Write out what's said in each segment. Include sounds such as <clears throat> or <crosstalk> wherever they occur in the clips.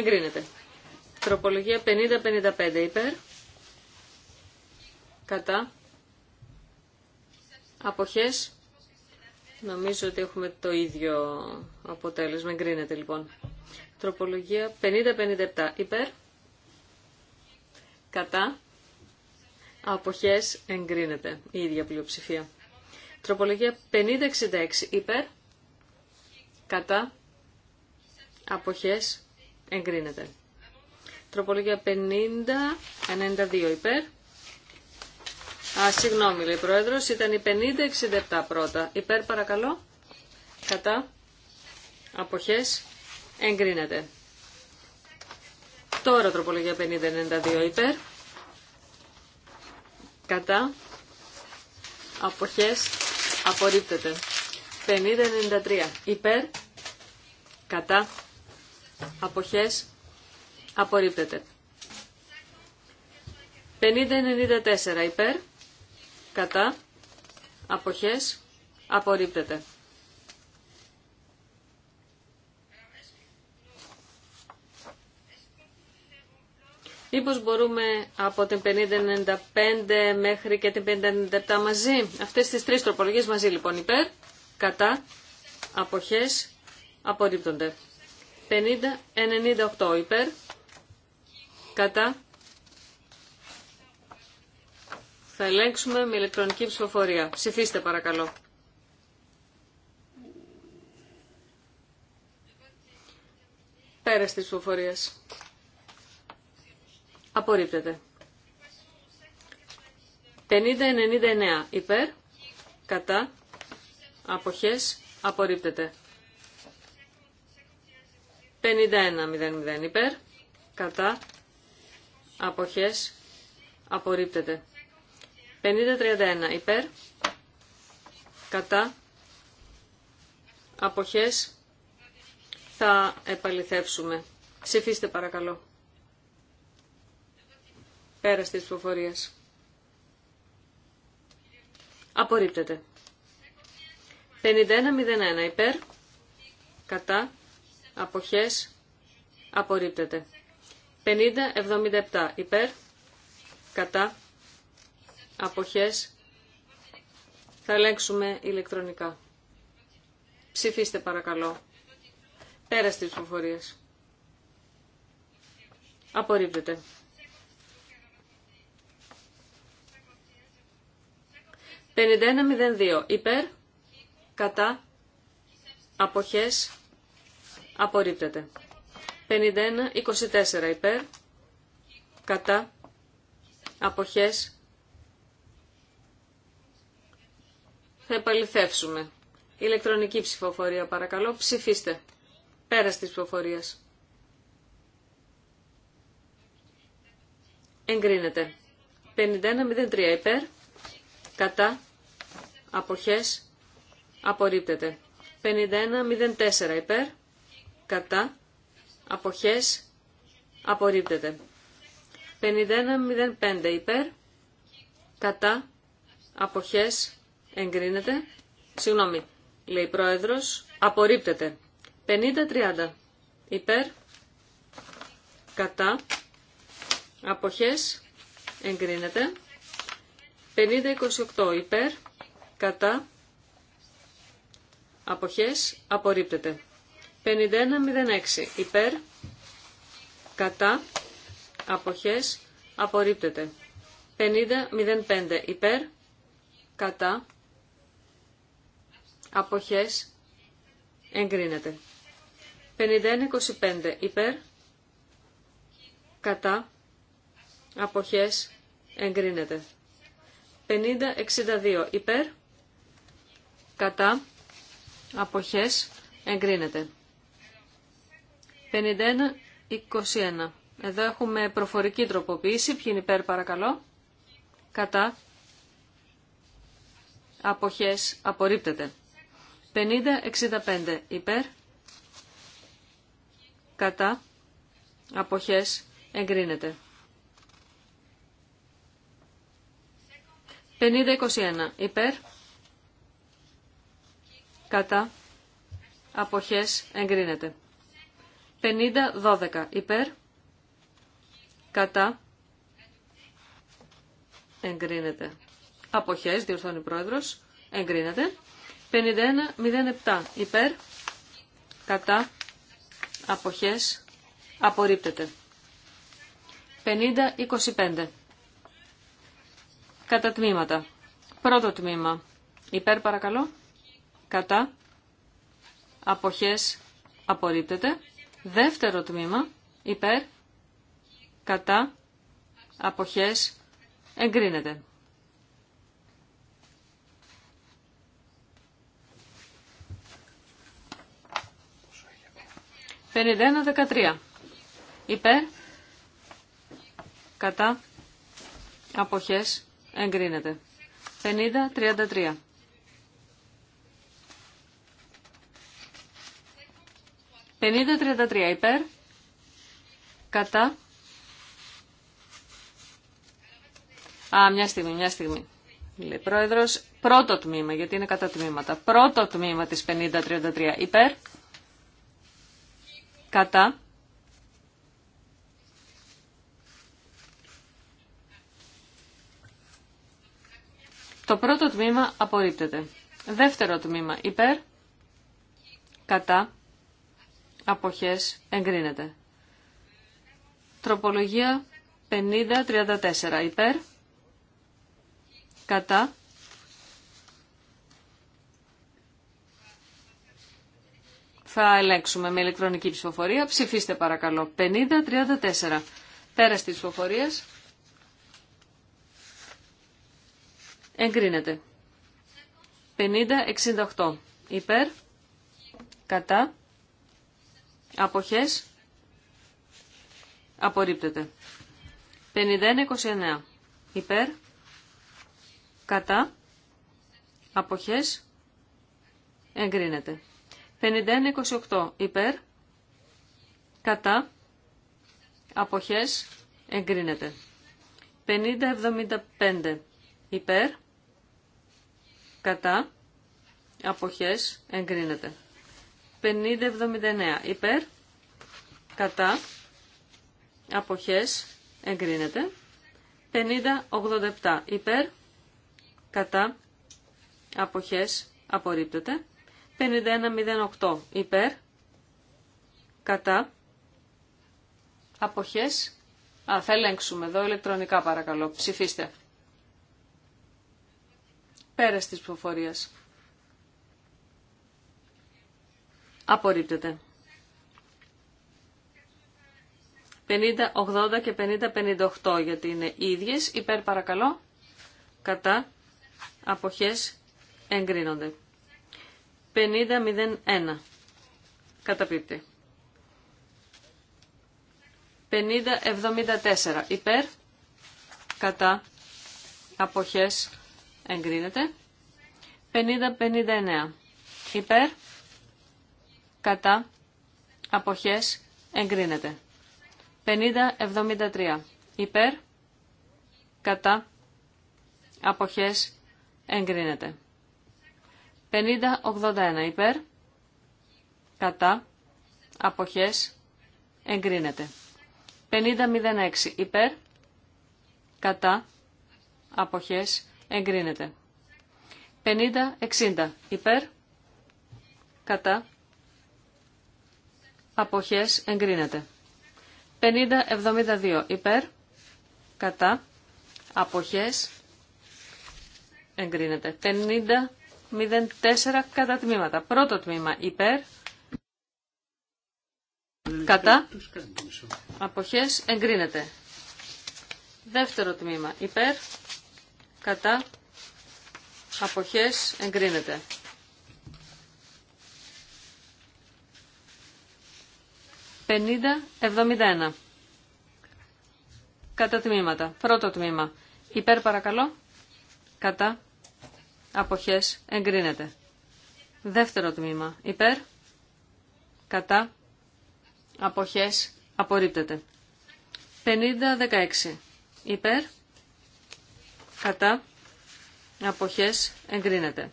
Εγκρίνεται. Τροπολογία 50-55 υπέρ. Κατά. Αποχές. Νομίζω ότι έχουμε το ίδιο αποτέλεσμα. Εγκρίνεται λοιπόν. Τροπολογία 50-57 υπέρ. Κατά. Αποχές εγκρίνεται η ίδια πλειοψηφία. Τροπολογία 50-66 υπέρ. Κατά. Αποχές Εγκρίνεται. Τροπολογία 50, 92 υπέρ. Α, συγγνώμη, λέει πρόεδρος, ήταν η 50-67 πρώτα. Υπέρ παρακαλώ. Κατά. Αποχές. Εγκρίνεται. Τώρα τροπολογία 50-92 υπέρ. Κατά. Αποχές. Απορρίπτεται. 50-93 υπέρ. Κατά αποχές απορρίπτεται. 50-94 υπέρ, κατά, αποχές απορρίπτεται. Μήπως μπορούμε από την 50-95 μέχρι και την 50-97 μαζί. Αυτές τις τρεις τροπολογίες μαζί λοιπόν υπέρ, κατά, αποχές, απορρίπτονται. 50 υπέρ. Κατά. Θα ελέγξουμε με ηλεκτρονική ψηφοφορία. Ψηφίστε παρακαλώ. Πέρας της ψηφοφορίας. Απορρίπτεται. 50-99 υπέρ. Κατά. Αποχές. Απορρίπτεται. 51-00 υπέρ, κατά, αποχές, απορρίπτεται. 50-31 υπέρ, κατά, αποχές, θα επαληθεύσουμε. Ψηφίστε παρακαλώ. Πέρα της ψηφοφορίας. Απορρίπτεται. 51-01 υπέρ, κατά, αποχές, απορρίπτεται. 50-77 υπέρ, κατά, αποχές, θα ελέγξουμε ηλεκτρονικά. Ψηφίστε παρακαλώ. Πέρα στις ψηφοφορίες. Απορρίπτεται. υπέρ, κατά, αποχές, Απορρίπτεται. 51-24 υπέρ. Κατά. Αποχές. Θα επαληθεύσουμε. Ηλεκτρονική ψηφοφορία παρακαλώ. Ψηφίστε. Πέρας της ψηφοφορίας. Εγκρίνεται. 51-03 υπέρ. Κατά. Αποχές. Απορρίπτεται. 51-04 υπέρ κατά, αποχές, απορρίπτεται. 51.05 υπέρ, κατά, αποχές, εγκρίνεται. Συγγνώμη, λέει η πρόεδρος, απορρίπτεται. 50.30 υπέρ, κατά, αποχές, εγκρίνεται. 50.28 υπέρ, κατά, αποχές, απορρίπτεται. 5106 υπέρ, κατά, αποχές, απορρίπτεται. 5005 υπέρ, κατά, αποχές, εγκρίνεται. 5125 υπέρ, κατά, αποχές, εγκρίνεται. 5062 υπέρ, κατά, αποχές, εγκρίνεται. 51-21. Εδώ έχουμε προφορική τροποποίηση. Ποιοι είναι υπέρ παρακαλώ. Κατά. Αποχές απορρίπτεται. 50-65 υπέρ. Κατά. Αποχές εγκρίνεται. 50-21 υπέρ. Κατά. Αποχές εγκρίνεται. 5012, 12 υπέρ, κατά, εγκρίνεται. Αποχές, διορθώνει ο πρόεδρος, εγκρίνεται. 51-07 υπέρ, κατά, αποχές, απορρίπτεται. 50-25 κατά τμήματα. Πρώτο τμήμα, υπέρ παρακαλώ, κατά, αποχές, απορρίπτεται. Δεύτερο τμήμα υπέρ, κατά, αποχές, εγκρίνεται. 13 δεκατρία. Υπέρ, κατά, αποχές, εγκρίνεται. 50-33. 5033 33 υπέρ. Κατά. Α, μια στιγμή, μια στιγμή. Λέει πρόεδρος, πρώτο τμήμα, γιατί είναι κατά τμήματα. Πρώτο τμήμα της 5033 33 υπέρ. Κατά. Το πρώτο τμήμα απορρίπτεται. Δεύτερο τμήμα υπέρ. Κατά αποχές εγκρίνεται. Τροπολογία 50-34 υπέρ, κατά, θα ελέγξουμε με ηλεκτρονική ψηφοφορία. Ψηφίστε παρακαλώ. 50-34. Πέρας της ψηφοφορίας. Εγκρίνεται. 50-68. Υπέρ. Κατά. Αποχές. Απορρίπτεται. 51-29. Υπέρ. Κατά. Αποχές. Εγκρίνεται. 51-28. Υπέρ. Κατά. Αποχές. Εγκρίνεται. 50-75. Υπέρ. Κατά. Αποχές. Εγκρίνεται. 5079 υπέρ, κατά, αποχές, εγκρίνεται. 5087 υπέρ, κατά, αποχές, απορρίπτεται. 5108 υπέρ, κατά, αποχές, α, θα ελέγξουμε εδώ ηλεκτρονικά παρακαλώ, ψηφίστε. Πέρας της ψηφοφορίας. Απορρίπτεται. 50, 80 και 50, 58 γιατί είναι ίδιες. Υπέρ παρακαλώ. Κατά. Αποχές εγκρίνονται. 50, 01. Καταπίπτει. 50-74. Υπέρ. Κατά. Αποχές εγκρίνεται. 50-59. Υπέρ κατά, αποχές, εγκρίνεται. 50-73 υπέρ, κατά, αποχές, εγκρίνεται. 50-81 υπέρ, κατά, αποχές, εγκρίνεται. 50-06 υπέρ, κατά, αποχές, εγκρίνεται. 50-60 υπέρ, κατά, αποχές εγκρίνεται. 50-72 υπέρ, κατά, αποχές εγκρίνεται. 50-04 κατά τμήματα. Πρώτο τμήμα υπέρ, κατά, αποχές εγκρίνεται. Δεύτερο τμήμα υπέρ, κατά, αποχές εγκρίνεται. 5071 Κατά τμήματα. Πρώτο τμήμα. Υπέρ παρακαλώ. Κατά. Αποχές. Εγκρίνεται. Δεύτερο τμήμα. Υπέρ. Κατά. Αποχές. 5016 Υπέρ. Κατά. Αποχές. Εγκρίνεται.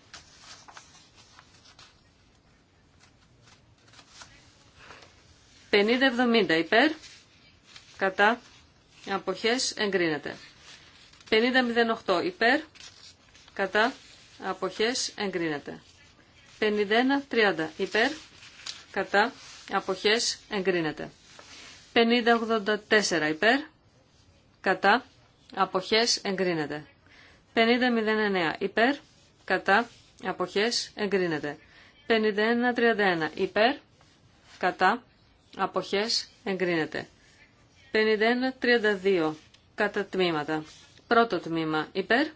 50-70 υπέρ, κατά, αποχές, εγκρίνεται. 50-08 υπέρ, κατά, αποχές, εγκρίνεται. 51-30 υπέρ, κατά, αποχές, εγκρίνεται. 50-84 υπέρ, κατά, αποχές, εγκρίνεται. 50-09 υπέρ, κατά, αποχές, εγκρίνεται. 51-31 υπέρ, κατά, Αποχές εγκρίνεται. 51-32 κατά τμήματα. Πρώτο τμήμα υπέρ.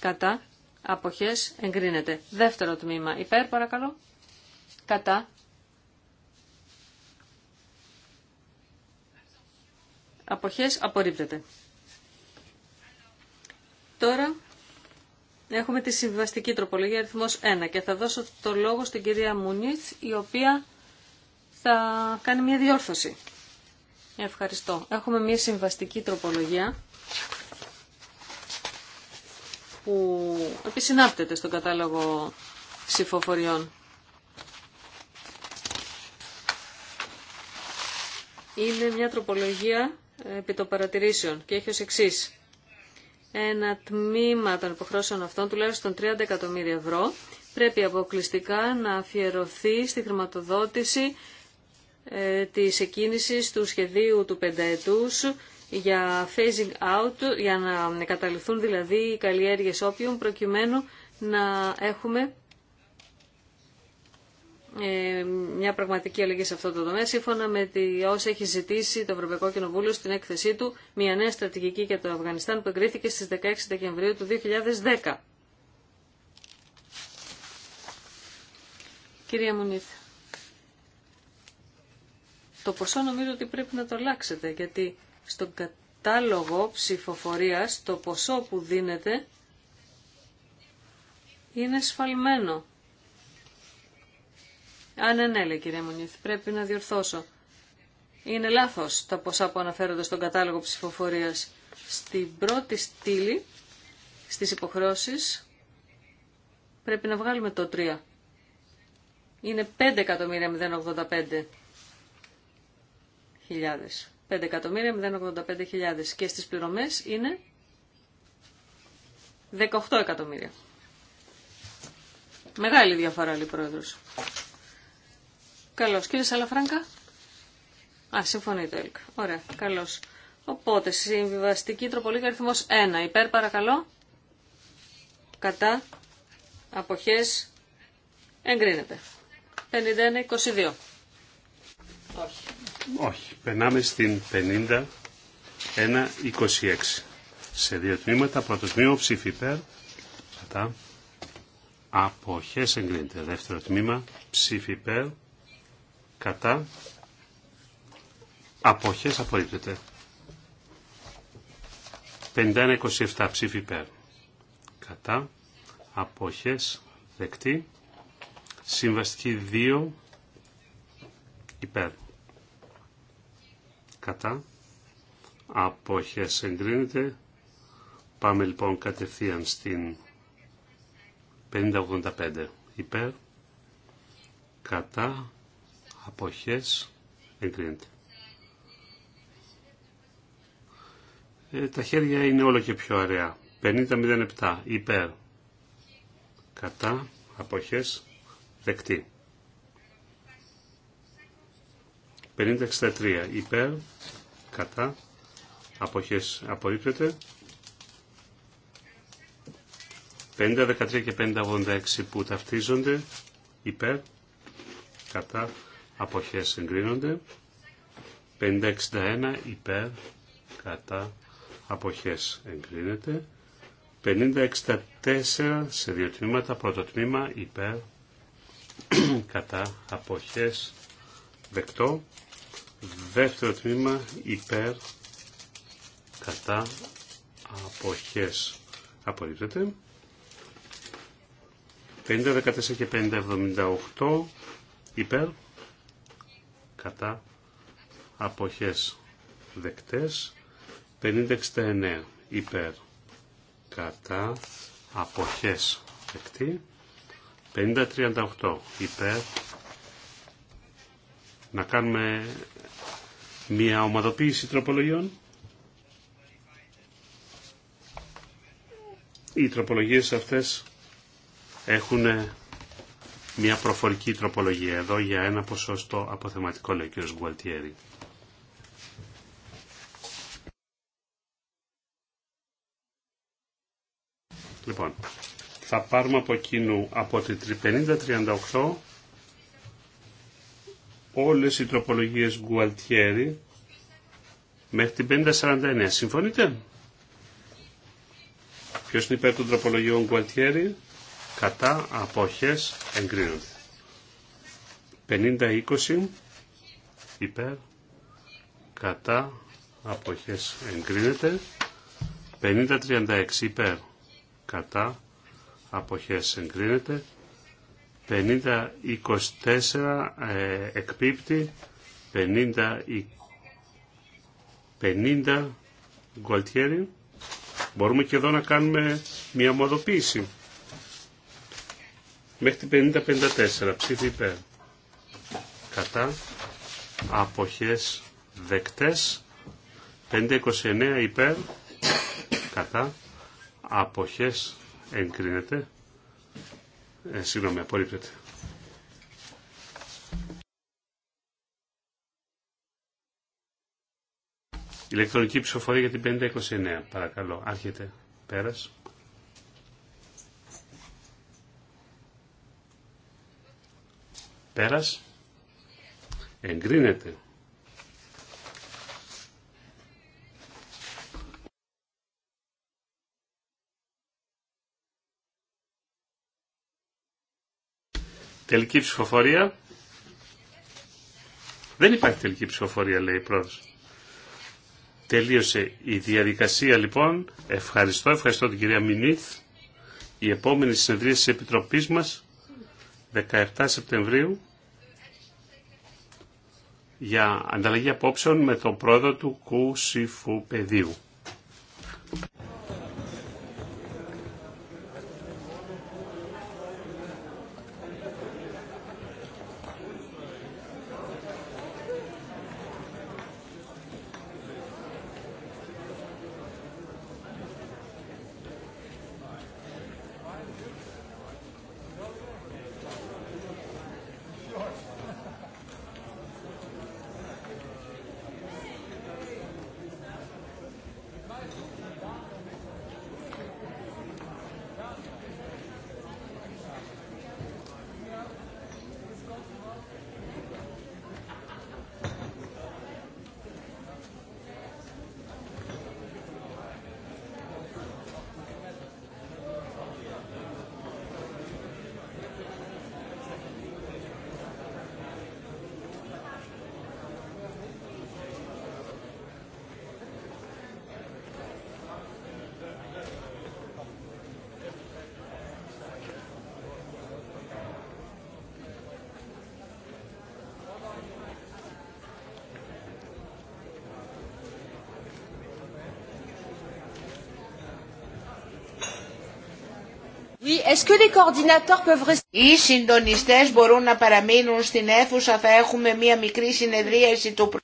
Κατά. Αποχές εγκρίνεται. Δεύτερο τμήμα υπέρ παρακαλώ. Κατά. Αποχές απορρίπτεται. Τώρα έχουμε τη συμβαστική τροπολογία αριθμός 1 και θα δώσω το λόγο στην κυρία Μουνίθ η οποία θα κάνει μια διόρθωση. Ευχαριστώ. Έχουμε μια συμβαστική τροπολογία που επισυνάπτεται στον κατάλογο ψηφοφοριών. Είναι μια τροπολογία ε, επί των παρατηρήσεων και έχει ως εξής. Ένα τμήμα των υποχρώσεων αυτών, τουλάχιστον 30 εκατομμύρια ευρώ, πρέπει αποκλειστικά να αφιερωθεί στη χρηματοδότηση ε, της εκκίνησης του σχεδίου του πενταετούς για phasing out, για να καταληφθούν δηλαδή οι καλλιέργειες όπιων προκειμένου να έχουμε ε, μια πραγματική αλλαγή σε αυτό το τομέα, σύμφωνα με τη, όσα έχει ζητήσει το Ευρωπαϊκό Κοινοβούλιο στην έκθεσή του μια νέα στρατηγική για το Αφγανιστάν που εγκρίθηκε στις 16 Δεκεμβρίου του 2010. Κυρία Μουνίθ. Το ποσό νομίζω ότι πρέπει να το αλλάξετε, γιατί στον κατάλογο ψηφοφορίας το ποσό που δίνεται είναι σφαλμένο. Α, ναι, ναι, λέει κυρία Μονίθ, πρέπει να διορθώσω. Είναι λάθος τα ποσά που αναφέρονται στον κατάλογο ψηφοφορίας. Στην πρώτη στήλη, στις υποχρεώσεις, πρέπει να βγάλουμε το 3. Είναι 5.085.000. 5.085.000 και στις πληρωμές είναι 18 εκατομμύρια. Μεγάλη διαφορά, λέει πρόεδρος. Καλώς. Κύριε Σαλαφράγκα. Α, συμφωνεί το ΕΛΚ. Ωραία, καλώς. Οπότε, συμβιβαστική τροπολογία αριθμός 1. Υπέρ, παρακαλώ. Κατά. Αποχές. Εγκρίνεται. 51-22. Όχι, περνάμε στην 51-26. Σε δύο τμήματα, πρώτο τμήμα ψήφι υπέρ, κατά, αποχές εγκρίνεται. Δεύτερο τμήμα ψήφι υπέρ, κατά, αποχές απορρίπτεται. 51-27 ψήφι υπέρ, κατά, αποχές δεκτή. Συμβαστική 2 υπέρ κατά αποχές εγκρίνεται. Πάμε λοιπόν κατευθείαν στην 5085 υπέρ κατά αποχές εγκρίνεται. Ε, τα χέρια είναι όλο και πιο αραιά. υπέρ κατά αποχές δεκτή. 50-63 υπέρ, κατά, αποχές απορρίπτεται. 50-13 και 50 που ταυτίζονται υπέρ, κατά, αποχές εγκρίνονται. 50-61 υπέρ, κατά, αποχές εγκρίνεται. 50-64 σε δύο τμήματα, πρώτο τμήμα υπέρ, <clears throat> κατά, αποχές δεκτό. Δεύτερο τμήμα υπέρ κατά αποχές απορρίπτεται. 50, 14 και 50, 78 υπέρ κατά αποχές δεκτές. 5069 υπέρ κατά αποχές δεκτή. 50-38 υπέρ να κάνουμε μια ομαδοποίηση τροπολογιών. Οι τροπολογίες αυτές έχουν μια προφορική τροπολογία εδώ για ένα ποσοστό αποθεματικό, λέει ο κ. Γουαλτιέρη. Λοιπόν, θα πάρουμε από κοινού από την 5038 όλες οι τροπολογίες Γκουαλτιέρη μέχρι την 5049. Συμφωνείτε? Ποιος είναι υπέρ των τροπολογιών Γκουαλτιέρη? Κατά αποχές εγκρίνονται. 50-20 υπέρ κατά αποχές εγκρίνεται. 50-36 υπέρ κατά αποχές εγκρίνεται. 50-24 ε, εκπίπτει, 50, 50 γκολτιέρι. Μπορούμε και εδώ να κάνουμε μια ομοδοποίηση. Μέχρι την 50-54 ψήφι υπέρ. Κατά αποχές δεκτες δεκτές. 5-29 υπέρ. Κατά αποχές εγκρίνεται. Ε, συγγνώμη, απορρίπτεται. Ηλεκτρονική ψηφοφορία για την 529, Παρακαλώ, άρχεται. Πέρας. Πέρας. Εγκρίνεται. Τελική ψηφοφορία. Δεν υπάρχει τελική ψηφοφορία, λέει η πρόεδρος. Τελείωσε η διαδικασία λοιπόν. Ευχαριστώ, ευχαριστώ την κυρία Μινίθ. Η επόμενη συνεδρία της Επιτροπής μας, 17 Σεπτεμβρίου, για ανταλλαγή απόψεων με τον πρόεδρο του Κουσιφού Πεδίου. Οι συντονιστές μπορούν να παραμείνουν στην αίθουσα, θα έχουμε μία μικρή συνεδρίαση του